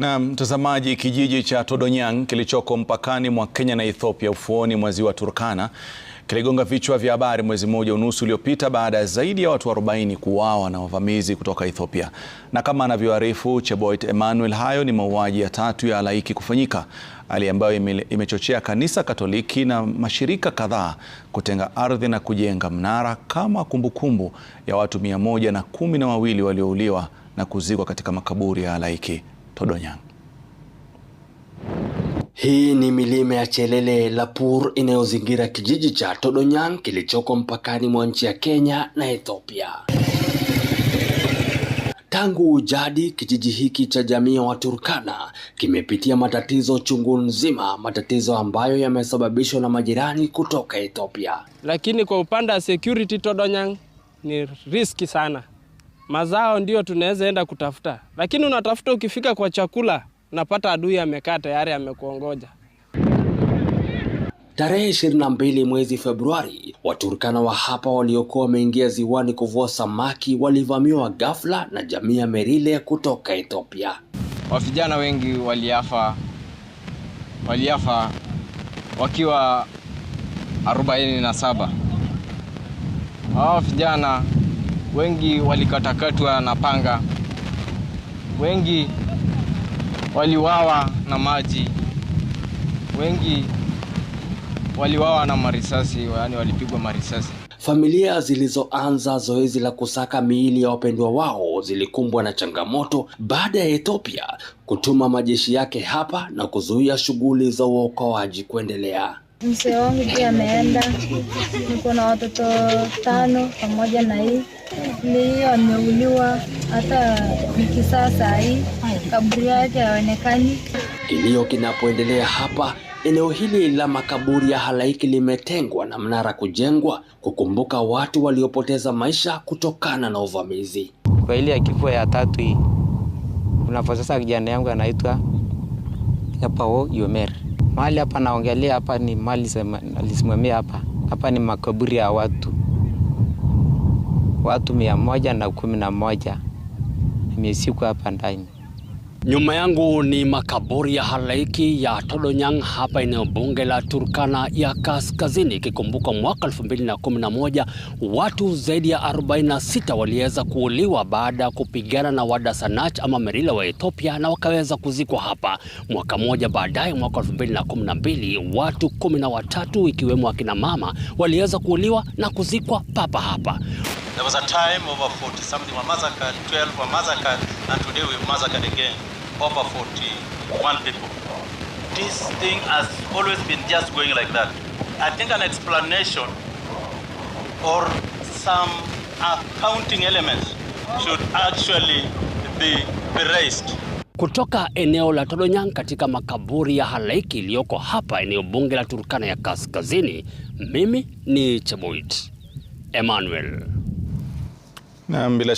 Na mtazamaji, kijiji cha Todonyang kilichoko mpakani mwa Kenya na Ethiopia ufuoni mwa ziwa Turkana kiligonga vichwa vya habari mwezi mmoja unusu uliopita baada ya zaidi ya watu 40 kuuawa na wavamizi kutoka Ethiopia. Na kama anavyoarifu Cheboit Emmanuel, hayo ni mauaji ya tatu ya halaiki kufanyika, hali ambayo imechochea kanisa Katoliki na mashirika kadhaa kutenga ardhi na kujenga mnara kama kumbukumbu kumbu ya watu mia moja na kumi na wawili waliouliwa na kuzikwa katika makaburi ya halaiki. Podonyang. Hii ni milima ya Chelele Lapur inayozingira kijiji cha Todonyang kilichoko mpakani mwa nchi ya Kenya na Ethiopia. Tangu ujadi kijiji hiki cha jamii ya Waturkana kimepitia matatizo chungu nzima, matatizo ambayo yamesababishwa na majirani kutoka Ethiopia. Lakini kwa upande wa security Todonyang ni riski sana, mazao ndio tunaweza enda kutafuta, lakini unatafuta, ukifika kwa chakula unapata adui amekaa tayari amekuongoja. Tarehe 22 mwezi Februari, Waturkana wa hapa waliokuwa wameingia ziwani kuvua samaki walivamiwa ghafla na jamii ya Merile kutoka Ethiopia. Wavijana wengi waliafa, waliafa wakiwa 47. hawa vijana wengi walikatakatwa na panga, wengi waliwawa na maji, wengi waliwawa na marisasi, yaani walipigwa marisasi. Familia zilizoanza zoezi la kusaka miili ya wapendwa wao zilikumbwa na changamoto baada ya Ethiopia kutuma majeshi yake hapa na kuzuia shughuli za uokoaji kuendelea. Mzee wangu pia ameenda, niko na watoto tano pamoja na hii ni ameuliwa, hata nikisaa saa hii kaburi yake haonekani. Kilio kinapoendelea hapa eneo hili la makaburi ya halaiki limetengwa na mnara kujengwa kukumbuka watu waliopoteza maisha kutokana na uvamizi. Kwa ile ya kifo ya tatu hii, kuna sasa kijana yangu anaitwa Yapao Yomeri. Mahali hapa naongelea hapa ni mali alisimamia hapa hapa ni makaburi ya watu watu mia moja na kumi na moja amesiku hapa ndani. Nyuma yangu ni makaburi ya halaiki ya Todonyang hapa eneo bunge la Turkana ya Kaskazini. Ikikumbuka mwaka 2011 watu zaidi ya 46 waliweza kuuliwa baada ya kupigana na Wadasanach ama Merila wa Ethiopia na wakaweza kuzikwa hapa. Mwaka mmoja baadaye, mwaka 2012 watu 13 ikiwemo akina mama waliweza kuuliwa na kuzikwa papa hapa. There was a time over 40 something were massacred, 12 were massacred, and today we've massacred again over 41 people. This thing has always been just going like that. I think an explanation or some accounting element should actually be, be raised. Kutoka eneo la Todonyang katika makaburi ya halaiki iliyoko hapa eneo bunge la Turkana ya Kaskazini, mimi ni Chebuit Emmanuel. Bila